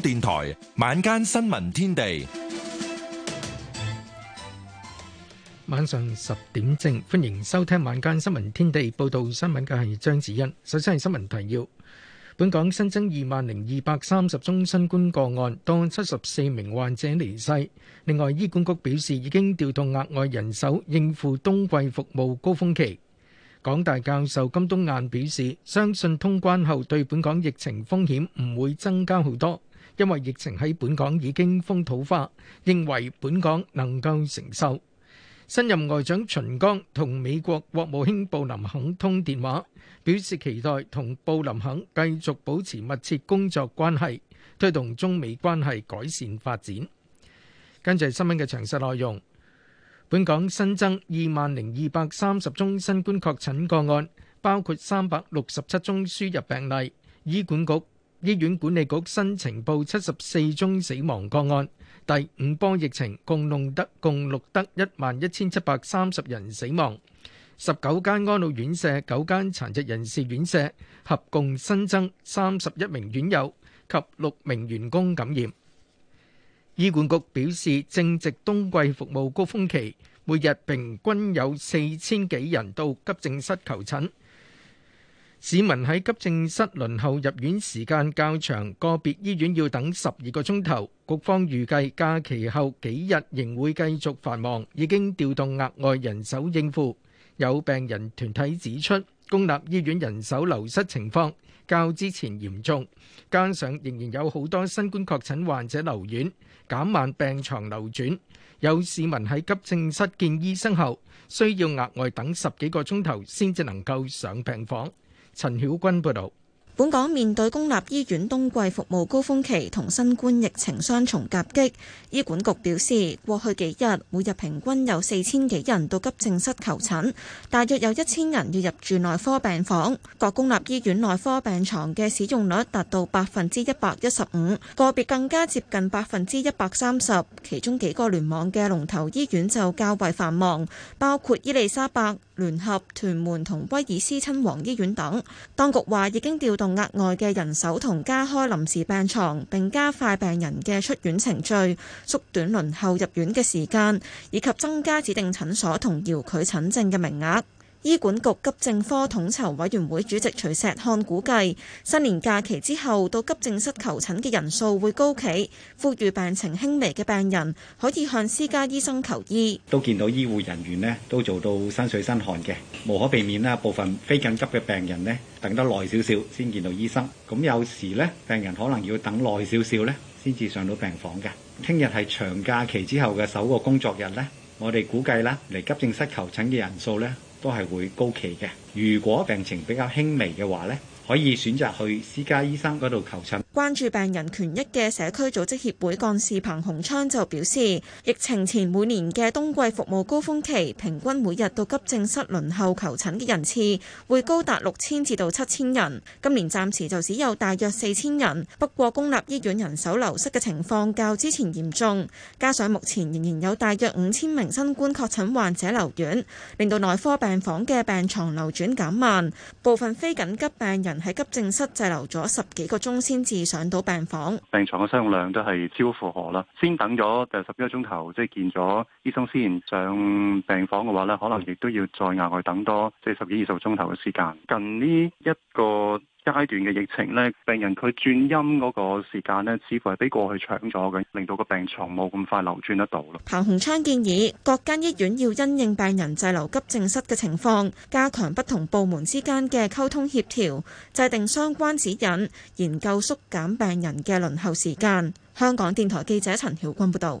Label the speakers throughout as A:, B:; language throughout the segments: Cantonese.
A: 電台晚間新聞天地，晚上十點正，歡迎收聽晚間新聞天地。報道新聞嘅係張子欣。首先係新聞提要。本港新增二萬零二百三十宗新冠個案，當七十四名患者離世。另外，醫管局表示已經調動額外人手應付冬季服務高峰期。港大教授金冬雁表示，相信通關後對本港疫情風險唔會增加好多。因為疫情喺本港已經風土化，認為本港能夠承受。新任外長秦剛同美國國務卿布林肯通電話，表示期待同布林肯繼續保持密切工作關係，推動中美關係改善發展。跟住係新聞嘅詳細內容：本港新增二萬零二百三十宗新冠確診個案，包括三百六十七宗輸入病例。醫管局。醫院管理局新呈報七十四宗死亡個案，第五波疫情共錄得共錄得一萬一千七百三十人死亡。十九間安老院舍、九間殘疾人士院舍合共新增三十一名院友及六名員工感染。醫管局表示，正值冬季服務高峰期，每日平均有四千幾人到急症室求診。市民喺急症室輪候入院時間較長，個別醫院要等十二個鐘頭。局方預計假期後幾日仍會繼續繁忙，已經調動額外人手應付。有病人團體指出，公立醫院人手流失情況較之前嚴重，加上仍然有好多新冠確診患者留院，減慢病床流轉。有市民喺急症室見醫生後，需要額外等十幾個鐘頭先至能夠上病房。陳曉君報道，
B: 本港面對公立醫院冬季服務高峰期同新冠疫情雙重夾擊，醫管局表示，過去幾日每日平均有四千幾人到急症室求診，大約有一千人要入住內科病房，各公立醫院內科病床嘅使用率達到百分之一百一十五，個別更加接近百分之一百三十，其中幾個聯網嘅龍頭醫院就較為繁忙，包括伊麗莎白。聯合屯門同威爾斯親王醫院等，當局話已經調動額外嘅人手同加開臨時病床，並加快病人嘅出院程序，縮短輪候入院嘅時間，以及增加指定診所同遙距診症嘅名額。醫管局急症科統籌委員會主席徐石漢估計，新年假期之後到急症室求診嘅人數會高企，呼籲病情輕微嘅病人可以向私家醫生求醫。
C: 都見到醫護人員咧，都做到身水身汗嘅，無可避免啦。部分非緊急嘅病人咧，等得耐少少先見到醫生。咁有時咧，病人可能要等耐少少咧，先至上到病房嘅。聽日係長假期之後嘅首個工作日咧，我哋估計啦，嚟急症室求診嘅人數咧。都係會高企嘅。如果病情比較輕微嘅話咧，可以選擇去私家醫生嗰度求診。
B: 關注病人權益嘅社區組織協會幹事彭洪昌就表示，疫情前每年嘅冬季服務高峰期，平均每日到急症室輪候求診嘅人次會高達六千至到七千人。今年暫時就只有大約四千人。不過公立醫院人手流失嘅情況較之前嚴重，加上目前仍然有大約五千名新冠確診患者留院，令到內科病房嘅病床流轉減慢，部分非緊急病人。喺急症室滯留咗十幾個鐘，先至上到病房。
D: 病床嘅使用量都係超負荷啦，先等咗大約十幾個鐘頭，即係見咗醫生先上病房嘅話咧，可能亦都要再額外等多即係十幾二十個鐘頭嘅時間。近呢一個。階段嘅疫情呢，病人佢轉陰嗰個時間咧，似乎係比過去長咗嘅，令到個病床冇咁快流轉得到。
B: 彭鴻昌建議，各間醫院要因應病人滯留急症室嘅情況，加強不同部門之間嘅溝通協調，制定相關指引，研究縮減病人嘅輪候時間。香港電台記者陳曉君
A: 報道。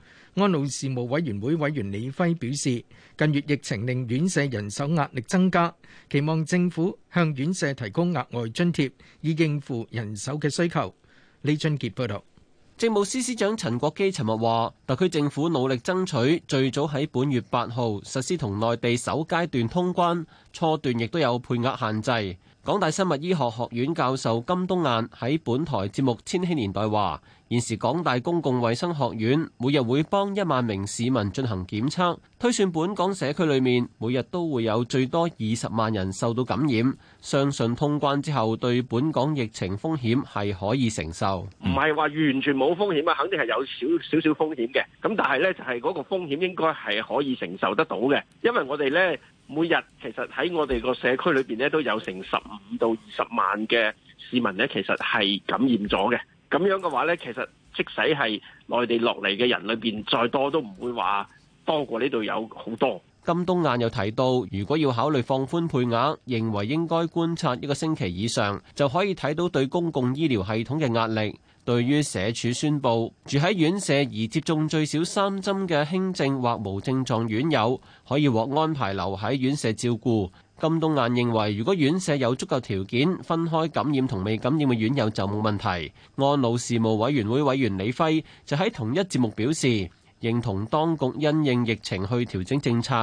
A: 安老事務委員會委員李輝表示，近月疫情令院舍人手壓力增加，期望政府向院舍提供額外津貼，以應付人手嘅需求。李俊傑報導，政務司司長陳國基尋日
C: 話，特區政府努力爭取最早喺本月八號實施同內地首階段通關，初段亦都有配額限制。港大生物醫學學院教授金冬雁喺本台節目《千禧年代》話。現時港大公共衛生學院每日會幫一萬名市民進行檢測，推算本港社區裏面每日都會有最多二十萬人受到感染。相信通關之後，對本港疫情風險係可以承受。唔係話完全冇風險啊，肯定係有少少少風險嘅。咁但係呢，就係嗰個風險應該係可以承受得到嘅，因為我哋呢每日其實喺我哋個社區裏邊呢都有成十五到二十萬嘅市民呢，其實係感染咗嘅。咁樣嘅話咧，其實即使係內地落嚟嘅人裏邊，再多都唔會話多過呢度有好多。金冬雁又提到，如果要考慮放寬配額，認為應該觀察一個星期以上，就可以睇到對公共醫療系統嘅壓力。對於社署宣布，住喺院舍而接種最少三針嘅輕症或無症狀院友，可以獲安排留喺院舍照顧。金冬雁認為，如果院舍有足夠條件分開感染同未感染嘅院友，就冇問題。安老事務委員會委員李輝就喺同一節目表示。認同當局因應疫情去調整政策。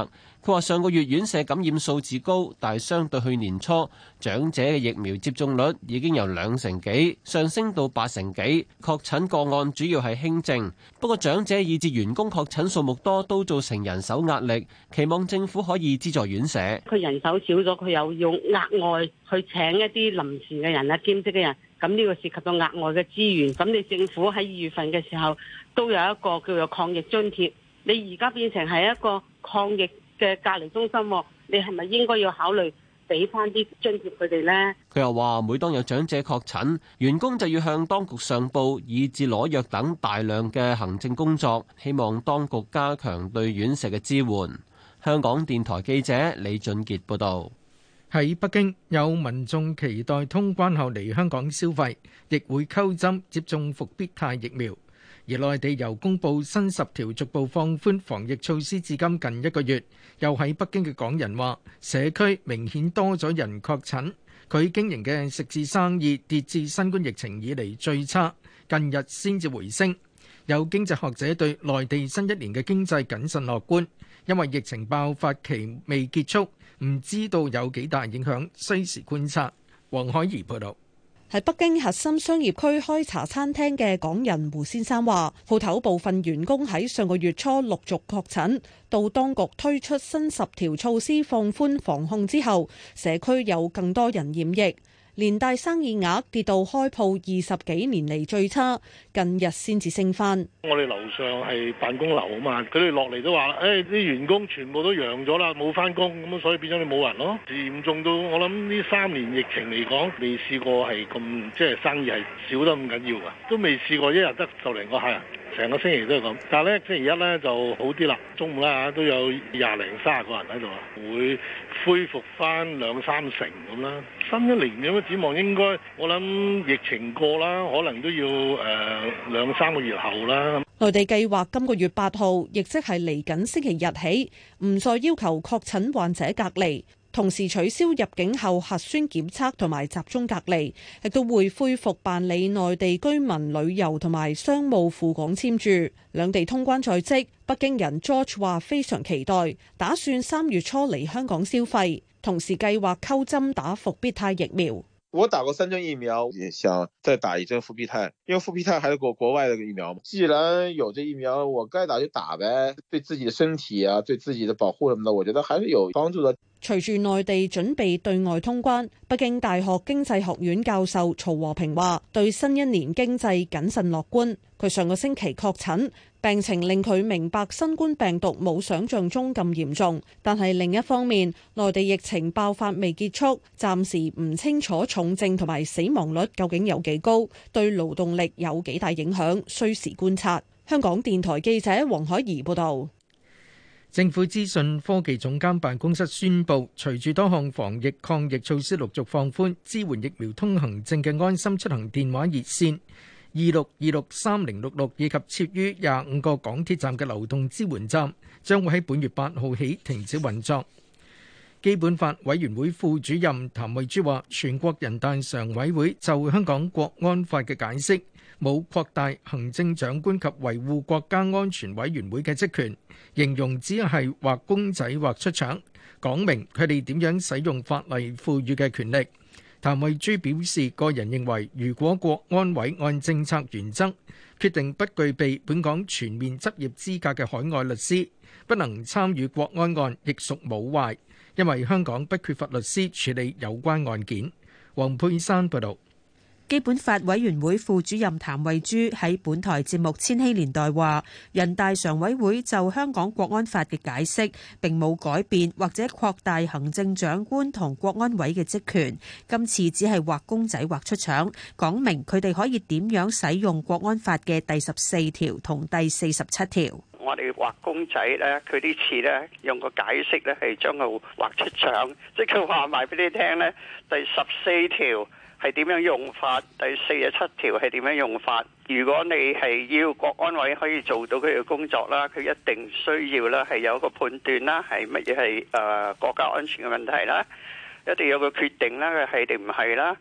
C: 佢話上個月院舍感染數字高，但係相對去年初，長者嘅疫苗接種率已經由兩成幾，上升到八成幾。確診個案主要係輕症，不過長者以至員工確診數目多，都造成人手壓力。期望政府可以資助院舍。佢
E: 人手少咗，佢又要額外去請一啲臨時嘅人啊、兼職嘅人，咁呢個涉及到額外嘅資源。咁你政府喺二月份嘅時候，都有一個叫做抗疫津貼，你而家變成係一個抗疫嘅隔離中心，你係咪應該要考慮俾翻啲津貼佢哋咧？
C: 佢又話，每當有長者確診，員工就要向當局上報，以致攞藥等大量嘅行政工作。希望當局加強對院舍嘅支援。香港電台記者
A: 李俊傑報道。喺北京有民眾期待通關後嚟香港消費，亦會溝針接種復必泰疫苗。而內地由公布新十條逐步放寬防疫措施至今近一個月，又喺北京嘅港人話社區明顯多咗人確診，佢經營嘅食肆生意跌至新冠疫情以嚟最差，近日先至回升。有經濟學者對內地新一年嘅經濟謹慎樂觀，因為疫情爆發期未結束，唔知道有幾大影響。需時觀察，黃海怡報道。
F: 喺北京核心商業區開茶
A: 餐廳嘅港人胡先生話，鋪頭部分員
F: 工喺上個月初陸續確診，到當局推出新十條措施放寬防控之後，社區有更多人染疫。連帶生意額跌到開鋪二十幾年嚟最差，近日先至升翻。
A: 我哋樓上係辦公樓啊嘛，佢哋落嚟都話，誒、欸、啲員工全部都陽咗啦，冇翻工，咁啊所以變咗你冇人咯。嚴重到我諗呢三年疫情嚟講，未試過係咁，即係生意係少得咁緊要啊，都未試過一日得十零個客人。成個星期都係咁，但係咧星期一咧就好啲啦。中午咧嚇都有廿零卅個人喺度，會恢復返兩三成咁啦。新一年咁樣展望，應該我諗疫情過啦，可能都要誒兩三個月後啦。內地
E: 計
F: 劃今個月八號，亦即係嚟緊星期日起，唔再要求確診患者隔離。同時取消入境後核酸檢測同埋集中隔離，亦都會恢復辦理內地居民旅遊同埋商務赴港簽注，兩地通關在即。北京人 George 話：非常期待，打算三月初嚟香港消費，同時計劃溝針打復必泰疫苗。
C: 我打過三針疫苗，也想再打一針復必泰，因為復必泰係國國外的疫苗嘛。既然有這疫苗，我該打就打唄，對自己的身體啊，對自己的保護什麼的，我覺得還是有幫助的。
F: 隨住內地準備對外通關，北京大學經濟學院教授曹和平話，對新一年經濟謹慎樂觀。佢上個星期確診，病情令佢明白新冠病毒冇想象中咁嚴重。但係另一方面，內地疫情爆發未結束，暫時唔清楚重症同埋死亡率究竟有幾高，對勞動力有幾大影響，需時觀察。香港電台記者黃海怡報道。
A: 政府資訊科技總監辦公室宣布，隨住多項防疫抗疫措施陸續放寬，支援疫苗通行證嘅安心出行電話熱線二六二六三零六六以及設於廿五個港鐵站嘅流動支援站，將會喺本月八號起停止運作。基本法委員會副主任譚惠珠話：全國人大常委會就香港國安法嘅解釋，冇擴大行政長官及維護國家安全委員會嘅職權，形容只係畫公仔畫出腸，講明佢哋點樣使用法例賦予嘅權力。譚慧珠表示，個人認為，如果國安委按政策原則決定不具備本港全面執業資格嘅海外律師不能參與國安案，亦屬冇壞，因為香港不缺乏律師處理有關案件。黃佩珊報道。
E: 基本法委員會副主任譚慧珠喺本台節目《千禧年代》話：人大常委會就香港國安法嘅解釋並冇改變或者擴大行政長官同國安委嘅職權，今次只係畫公仔畫出腸，講明佢哋可以點樣使用國安法嘅第十四條同第四十七條。
D: 我哋畫公仔咧，佢呢次咧用個解釋咧，係將佢畫出場，即係佢話埋俾你聽咧。第十四條係點樣用法？第四十七條係點樣用法？如果你係要國安委可以做到佢嘅工作啦，佢一定需要啦，係有個判斷啦，係乜嘢係誒國家安全嘅問題啦，一定有個決定啦，係定唔係啦？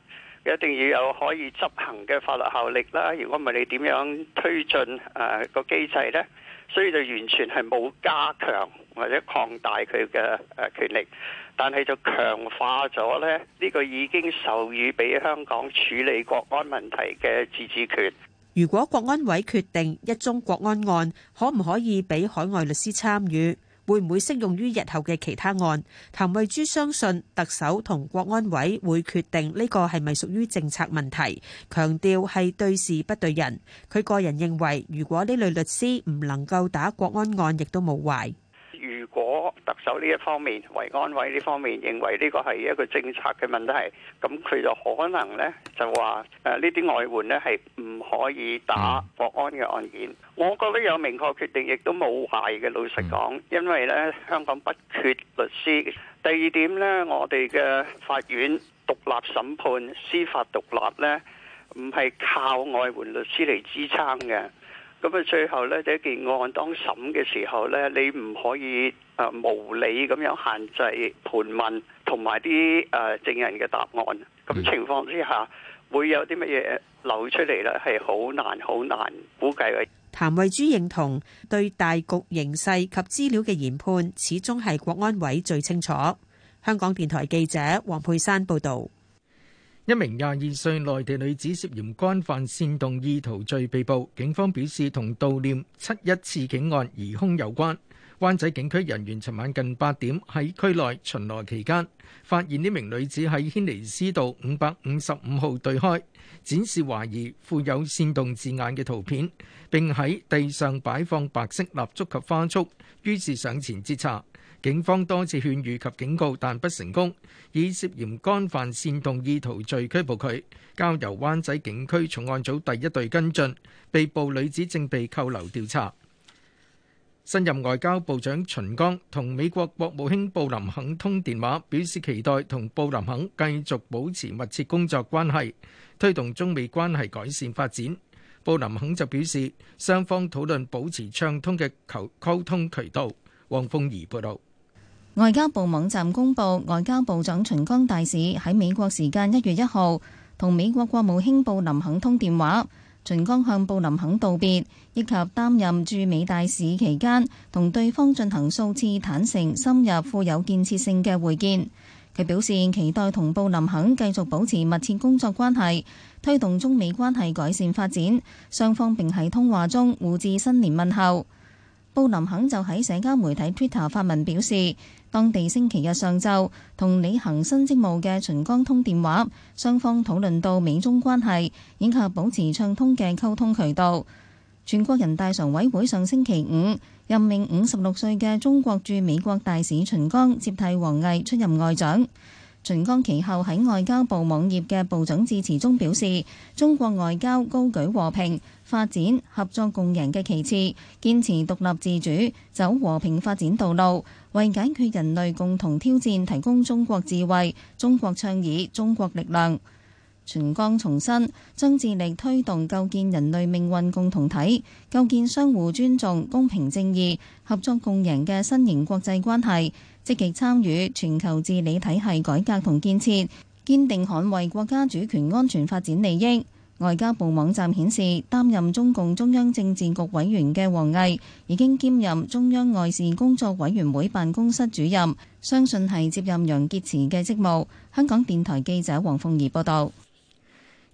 D: 一定要有可以執行嘅法律效力啦。如果唔係你點樣推進誒個機制咧？所以就完全係冇加強或者擴大佢嘅，誒權力，但係就強化咗咧呢個已經授予俾香港處理國安問題嘅自治權，
E: 如果國安委決定一宗國安案，可唔可以俾海外律師參與？會唔會適用於日後嘅其他案？譚慧珠相信特首同國安委會決定呢個係咪屬於政策問題，強調係對事不對人。佢個人認為，如果呢類律師唔能夠打國安案，亦都冇壞。
D: 如果特首呢一方面、維安委呢方面認為呢個係一個政策嘅問題，咁佢就可能呢就話誒呢啲外援呢係唔可以打國安嘅案件。我覺得有明確決定，亦都冇壞嘅。老實講，因為呢香港不缺律師。第二點呢，我哋嘅法院獨立審判、司法獨立呢，唔係靠外援律師嚟支撐嘅。咁啊，最後呢，喺一件案當審嘅時候呢，你唔可以誒無理咁樣限制盤問同埋啲誒證人嘅答案，咁情況之下會有啲乜嘢流出嚟，呢係好難好難估計嘅。
E: 譚慧珠認同，對大局形勢及資料嘅研判，始終係國安委最清楚。香港電台記者黃佩珊報道。
A: 一名廿二歲內地女子涉嫌干犯煽動意圖罪被捕，警方表示同悼念七一刺警案疑兇有關。灣仔警區人員尋晚近八點喺區內巡邏期間，發現呢名女子喺軒尼詩道五百五十五號對開，展示懷疑附有煽動字眼嘅圖片，並喺地上擺放白色蠟燭及花束，於是上前截查。警方多次勸喻及警告，但不成功，以涉嫌干犯煽動意圖罪拘捕佢，交由灣仔警區重案組第一隊跟進。被捕女子正被扣留調查。新任外交部長秦剛同美國國務卿布林肯通電話，表示期待同布林肯繼續保持密切工作關係，推動中美關係改善發展。布林肯就表示，雙方討論保持暢通嘅溝溝通渠道。黃鳳儀報道。
G: 外交部網站公布，外交部長秦剛大使喺美國時間一月一號同美國國務卿布林肯通電話。秦剛向布林肯道別，以及擔任駐美大使期間，同對方進行數次坦誠、深入、富有建設性嘅會見。佢表示期待同布林肯繼續保持密切工作關係，推動中美關係改善發展。雙方並喺通話中互致新年問候。布林肯就喺社交媒體 Twitter 發文表示，當地星期日上晝同履行新職務嘅秦剛通電話，雙方討論到美中關係以及保持暢通嘅溝通渠道。全國人大常委會上星期五任命五十六歲嘅中國駐美國大使秦剛接替王毅出任外長。秦剛其後喺外交部網頁嘅部長致辭中表示：中國外交高舉和平、發展、合作共贏嘅旗幟，堅持獨立自主，走和平發展道路，為解決人類共同挑戰提供中國智慧、中國倡議、中國力量。全力重申將致力推動構建人類命運共同體，構建相互尊重、公平正義、合作共贏嘅新型國際關係，積極參與全球治理體系改革同建設，堅定捍衛國家主權安全、發展利益。外交部網站顯示，擔任中共中央政治局委員嘅王毅已經兼任中央外事工作委員會辦公室主任，相信係接任楊潔篪嘅職務。香港電台記者黃鳳儀報道。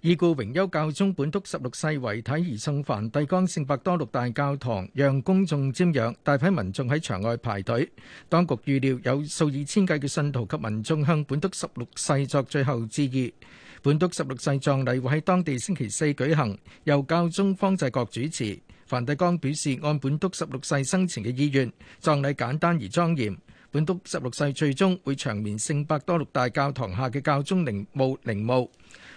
A: 已故榮休教宗本篤十六世遺體移送梵蒂岡聖伯多祿大教堂，讓公眾瞻仰。大批民眾喺場外排隊。當局預料有數以千計嘅信徒及民眾向本篤十六世作最後致意。本篤十六世葬禮會喺當地星期四舉行，由教宗方濟各主持。梵蒂岡表示，按本篤十六世生前嘅意願，葬禮簡單而莊嚴。本篤十六世最終會長眠聖伯多祿大教堂下嘅教宗陵墓陵墓。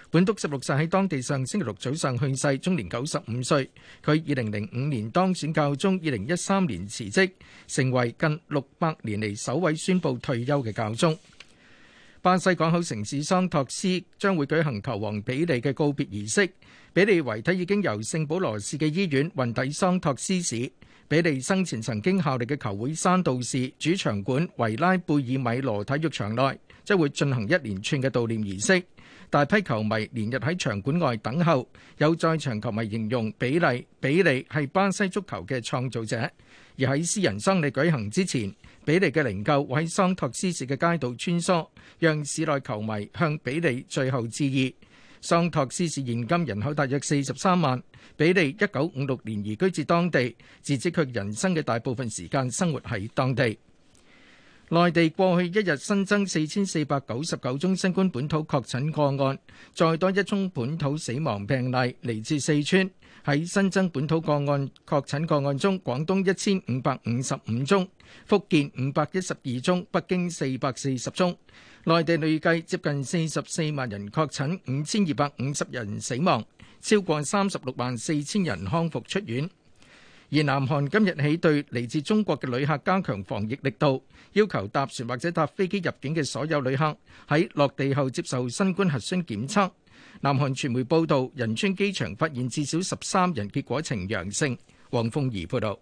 A: 本篤十六世喺當地上星期六早上去世，終年九十五歲。佢二零零五年當選教宗，二零一三年辭職，成為近六百年嚟首位宣布退休嘅教宗。巴西港口城市桑托斯將會舉行球王比利嘅告別儀式。比利遺體已經由聖保羅市嘅醫院運抵桑托斯市。比利生前曾經效力嘅球會山度士主場館維拉貝爾米羅體育場內將會進行一連串嘅悼念儀式。大批球迷連日喺場館外等候，有在場球迷形容比利比利係巴西足球嘅創造者。而喺私人喪禮舉行之前，比利嘅靈柩會喺桑托斯市嘅街道穿梭，讓市內球迷向比利最後致意。桑托斯市現今人口大約四十三萬，比利一九五六年移居至當地，直至自此佢人生嘅大部分時間生活喺當地。內地過去一日新增四千四百九十九宗新冠本土確診個案，再多一宗本土死亡病例，嚟自四川。喺新增本土個案確診個案中，廣東一千五百五十五宗，福建五百一十二宗，北京四百四十宗。內地累計接近四十四萬人確診，五千二百五十人死亡，超過三十六萬四千人康復出院。而南韓今日起對嚟自中國嘅旅客加強防疫力度，要求搭船或者搭飛機入境嘅所有旅客喺落地後接受新冠核酸檢測。南韓傳媒報道，仁川機場發現至少十三人結果呈陽性。黃鳳儀報導，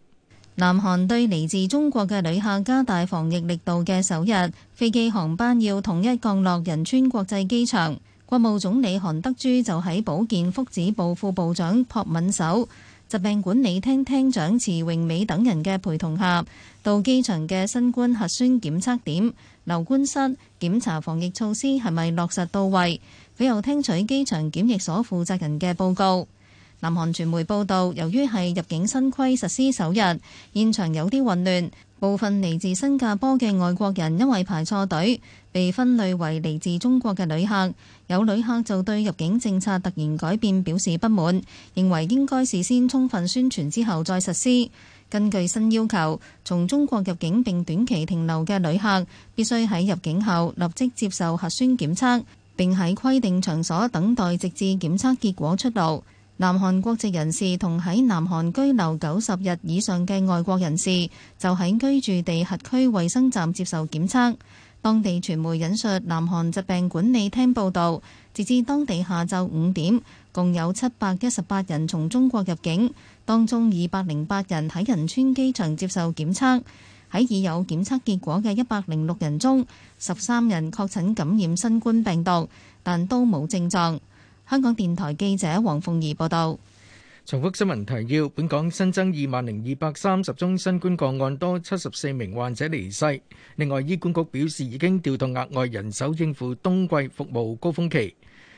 G: 南韓對嚟自中國嘅旅客加大防疫力度嘅首日，飛機航班要統一降落仁川國際機場。國務總理韓德珠就喺保健福祉部副部長朴敏守、疾病管理廳廳長遲永美等人嘅陪同下，到機場嘅新冠核酸檢測點留觀室檢查防疫措施係咪落實到位。佢又聽取機場檢疫所負責人嘅報告。南韓傳媒報道，由於係入境新規實施首日，現場有啲混亂。部分嚟自新加坡嘅外國人因為排錯隊，被分類為嚟自中國嘅旅客。有旅客就對入境政策突然改變表示不滿，認為應該事先充分宣傳之後再實施。根據新要求，從中國入境並短期停留嘅旅客，必須喺入境後立即接受核酸檢測，並喺規定場所等待直至檢測結果出爐。南韓國籍人士同喺南韓居留九十日以上嘅外國人士，就喺居住地核區衛生站接受檢測。當地傳媒引述南韓疾病管理廳報導，截至當地下晝五點，共有七百一十八人從中國入境，當中二百零八人喺仁川機場接受檢測。喺已有檢測結果嘅一百零六人中，十三人確診感染新冠病毒，但都冇症狀。香港電台記者黃鳳儀報道：
A: 重複新聞提要，本港新增二萬零二百三十宗新冠個案，多七十四名患者離世。另外，醫管局表示已經調動額外人手應付冬季服務高峰期。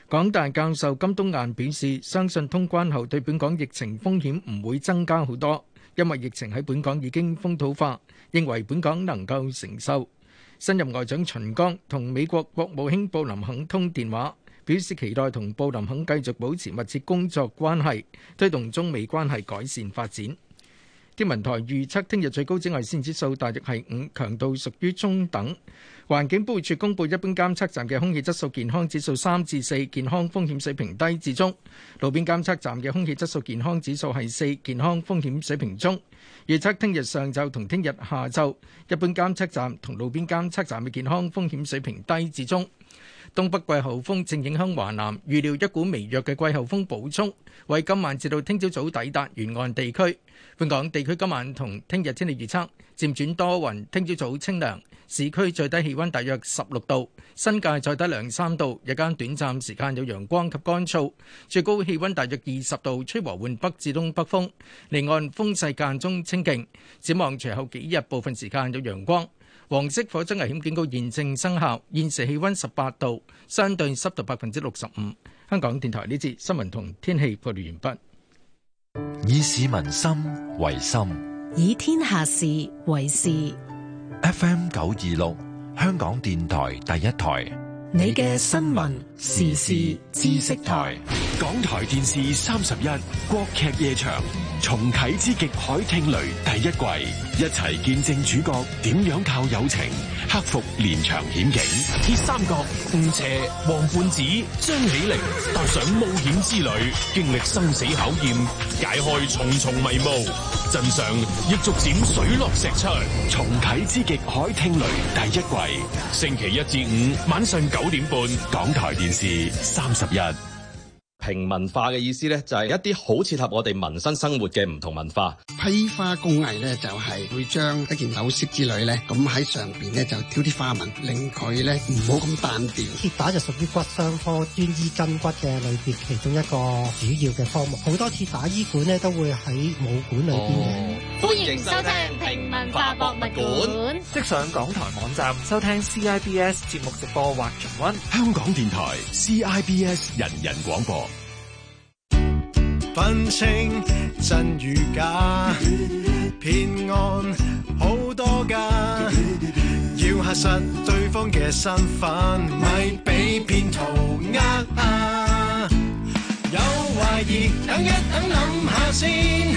A: 港大教授金冬雁表示，相信通關後對本港疫情風險唔會增加好多，因為疫情喺本港已經風土化，認為本港能夠承受。新任外長秦剛同美國國務卿布林肯通電話。表示期待同布林肯繼續保持密切工作關係，推動中美關係改善發展。天文台預測聽日最高紫外線指數大約係五，強度屬於中等。環境保護署公佈一般監測站嘅空氣質素健康指數三至四，健康風險水平低至中；路邊監測站嘅空氣質素健康指數係四，健康風險水平中。預測聽日上晝同聽日下晝，一般監測站同路邊監測站嘅健康風險水平低至中。東北季候風正影響華南，預料一股微弱嘅季候風補充，為今晚至到聽朝早抵達沿岸地區。本港地區今晚同聽日天氣預測漸轉多雲，聽朝早清涼，市區最低氣温大約十六度，新界再低兩三度。日間短暫時間有陽光及乾燥，最高氣温大約二十度，吹和緩北至東北風。離岸風勢間中清勁。展望隨後幾日部分時間有陽光。黃色火災危險警告現正生效，現時氣溫十八度，相對濕度百分之六十五。香港電台呢節新聞同天氣報道完畢。以市民心為心，以天下事為事。F M 九二六，香港電台第一台。你嘅新聞時事知識台，港台
C: 電視三十一，國劇夜場。重啟之極海聽雷第一季，一齊見證主角點樣靠友情克服連場險境。鐵三角吳邪、王胖子、張起靈踏上冒險之旅，
D: 經歷生死考驗，解開重重迷霧，真相亦逐漸水落石出。重啟之極海聽雷第一季，星期一至
A: 五晚上九點半，港台電視三十日。平民化嘅意思咧，就係一啲好切合我哋民生生活嘅唔同文化。
D: 批花工藝咧，就係會將一件首飾之類咧，咁喺上邊咧就雕啲花紋，令佢咧
C: 唔好咁單調。跌打就屬於骨傷科專醫筋骨嘅裏邊其中一個主要嘅科目，好多跌打醫館咧都會喺武館裏邊嘅。歡迎收聽平民化博物館，即上港台網站收聽 CIBS 節目直播或重温香港電台 CIBS 人人廣播。
A: 分清真與假，騙案好多㗎，要核實對方嘅身份，咪俾騙徒呃啊！有懷疑，等一等，諗下先。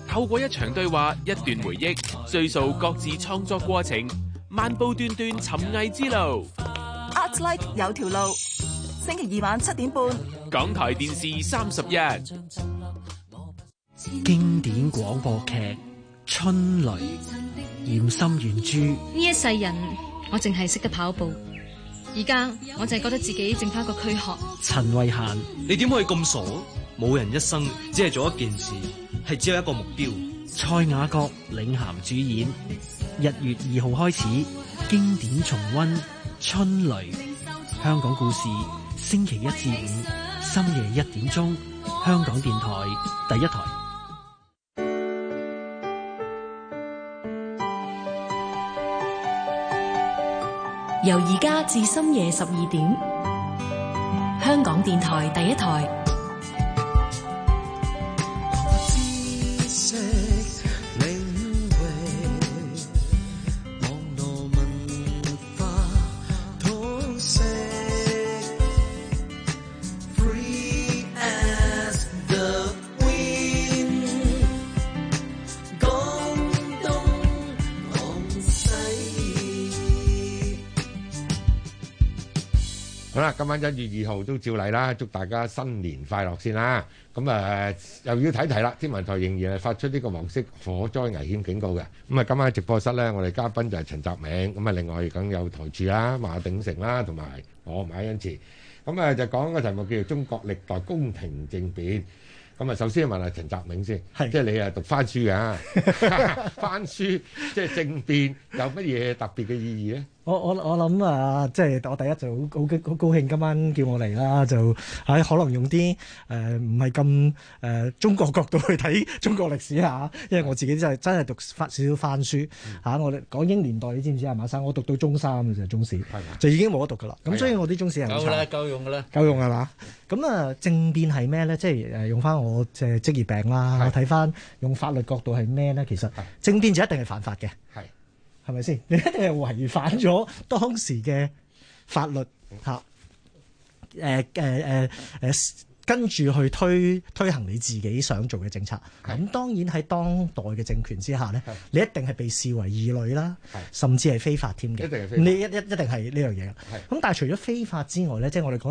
C: 透過一場對話，一段回憶，追溯各自創作過程，漫步段段尋藝之路。Art Life 有條路，星期二晚七點半，港台電視三十一，經典廣播劇《春雷》嚴，嚴心原著。
G: 呢一世人，我淨係識得跑步，而家我淨係覺得自己淨
F: 翻一個軀殼。
C: 陳慧嫻，你點可以咁傻？冇人一生只係做一件事。係只有一個目標。蔡雅閣領銜主演，一月二號開始經典重温《春雷》香港故事，星期一至五深夜一點鐘，香港電台第一台。
E: 由而家至深夜十二點，香港電台第一台。
A: 啦，今晚一
C: 月二號都照例啦，祝大家新年快樂先啦。咁啊，又要睇題啦。天文台仍然係發出呢個黃色火災危險警告嘅。咁啊，今晚喺直播室咧，我哋嘉賓就係陳澤明。咁啊，另外梗有台柱啦，馬鼎盛啦，同埋我馬恩慈。咁啊，就講個題目叫做《中國歷代宮廷政變》。咁啊，首先問下陳澤明先，即係你啊讀翻書啊，翻書即係政變有
D: 乜嘢特別嘅意義咧？
A: 我我我諗啊，即係我第一就好好好高興，今晚叫我嚟啦，就喺、哎、可能用啲誒唔係咁誒中國角度去睇中國歷史吓、啊，因為我自己真係真係讀翻少少翻書吓、啊，我哋港英年代你知唔知啊，馬生？我讀到中三嘅就係、中史，的就已經冇得讀噶啦。咁的所以我啲中史人夠用噶啦，夠用係嘛？咁啊政變係咩咧？即係誒用翻我即係職業病啦，的我睇翻用法律角度係咩咧？其實政變就一定係犯法嘅。係咪先？你一定係違反咗當時嘅法律吓，誒誒誒誒，跟住去推推行你自己想做嘅政策。咁的當然喺當代嘅政權之下咧，的你一定係被視為異類啦，係的甚至係非法添嘅。一定係非法。你一一一定係呢樣嘢。係咁但係除咗非法之外咧，即係我哋講。